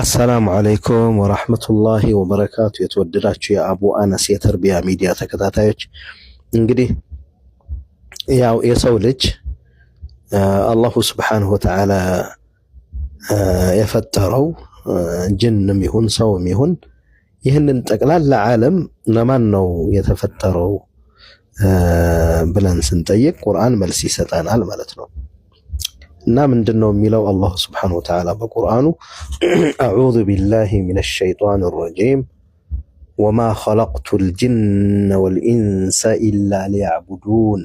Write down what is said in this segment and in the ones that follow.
አሰላሙ አለይኩም ወራህመቱላሂ ወበረካቱ። የተወደዳችሁ የአቡ አነስ የተርቢያ ሚዲያ ተከታታዮች እንግዲህ ያው የሰው ልጅ አላሁ ስብሓንሁ ወተዓላ የፈጠረው ጅንም ይሁን ሰውም ይሁን ይህንን ጠቅላላ ዓለም ለማን ነው የተፈጠረው ብለን ስንጠይቅ ቁርአን መልስ ይሰጠናል ማለት ነው። እና ምንድን ነው የሚለው አላሁ ስብሓነሁ ወተዓላ በቁርአኑ አዑዙ ቢላሂ ሚነ ሸይጧን ረጂም ወማ ኸለቅቱ ልጅነ ወልኢንሰ ኢላ ሊያዕቡዱን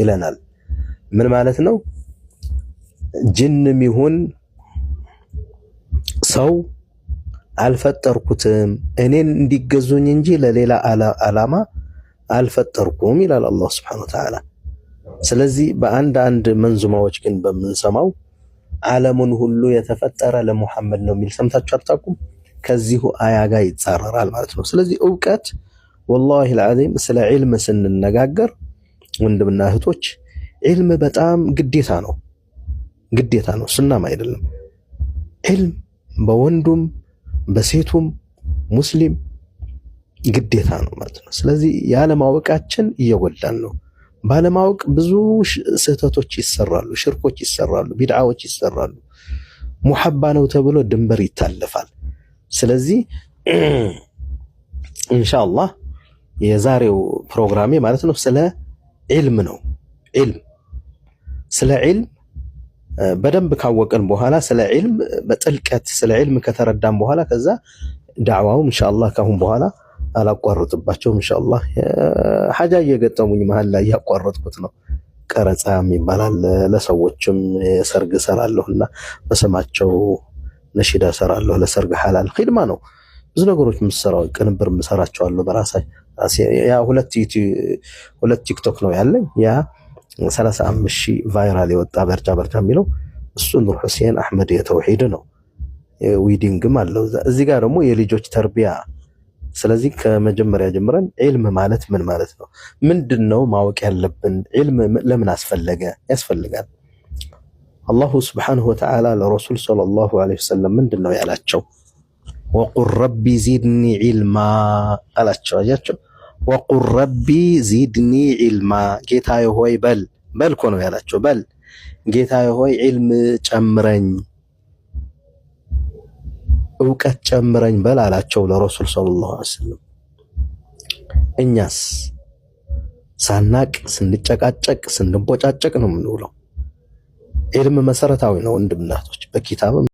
ይለናል። ምን ማለት ነው? ጅንም ይሁን ሰው አልፈጠርኩትም እኔን እንዲገዙኝ እንጂ ለሌላ ዓላማ አልፈጠርኩም ይላል አላሁ ስብሓነሁ ወተዓላ ስለዚህ በአንድ አንድ መንዙማዎች ግን በምንሰማው ዓለሙን ሁሉ የተፈጠረ ለሙሐመድ ነው የሚል ሰምታችሁ አታውቁም? ከዚሁ አያ ጋር ይጻረራል ማለት ነው። ስለዚህ እውቀት ወላሂ ልዓዚም ስለ ዒልም ስንነጋገር ወንድምና እህቶች ዒልም በጣም ግዴታ ነው፣ ግዴታ ነው፣ ስናም አይደለም። ዒልም በወንዱም በሴቱም ሙስሊም ግዴታ ነው ማለት ነው። ስለዚህ ያለማወቃችን እየጎዳን ነው። ባለማወቅ ብዙ ስህተቶች ይሰራሉ፣ ሽርኮች ይሰራሉ፣ ቢድዓዎች ይሰራሉ። ሙሐባ ነው ተብሎ ድንበር ይታለፋል። ስለዚህ ኢንሻአላህ የዛሬው ፕሮግራሜ ማለት ነው ስለ ዒልም ነው። ዒልም ስለ ዒልም በደንብ ካወቅን በኋላ ስለ ዒልም በጥልቀት ስለ ዒልም ከተረዳን በኋላ ከዛ ዳዕዋውም ኢንሻአላህ ካሁን በኋላ አላቋረጥባቸውም። ኢንሻአላህ ሀጃ እየገጠሙኝ መሀል ላይ ያቋረጥኩት ነው። ቀረጻም ይባላል ለሰዎችም ሰርግ ሰራለሁና በስማቸው ነሽዳ ሰራለሁ። ለሰርግ ሐላል ኺድማ ነው። ብዙ ነገሮች ምሰራው ቅንብር የምሰራቸዋለሁ በራሳይ ያ ሁለት ቲክቶክ ነው ያለኝ። ያ 35 ሺህ ቫይራል የወጣ በርጃ በርጃ የሚለው እሱ ኑር ሁሴን አህመድ የተውሂድ ነው። ዊዲንግም አለው እዚህ ጋር ደግሞ የልጆች ተርቢያ ስለዚህ ከመጀመሪያ ጀምረን ዒልም ማለት ምን ማለት ነው? ምንድን ነው ማወቅ ያለብን? ዒልም ለምን አስፈለገ ያስፈልጋል? አላሁ ስብሓንሁ ወተዓላ ለረሱል ሰለላሁ ዐለይሂ ወሰለም ምንድን ነው ያላቸው? ወቁል ረቢ ዚድኒ ዒልማ አላቸው። አያቸው። ወቁል ረቢ ዚድኒ ዒልማ፣ ጌታዬ ሆይ በል በል እኮ ነው ያላቸው። በል ጌታዬ ሆይ ዒልም ጨምረኝ እውቀት ጨምረኝ በል አላቸው ለረሱል ሰለላሁ ዐለይሂ ወሰለም። እኛስ ሳናቅ ስንጨቃጨቅ ስንቦጫጨቅ ነው የምንውለው። ዒልም መሰረታዊ ነው ወንድምናቶች በኪታብም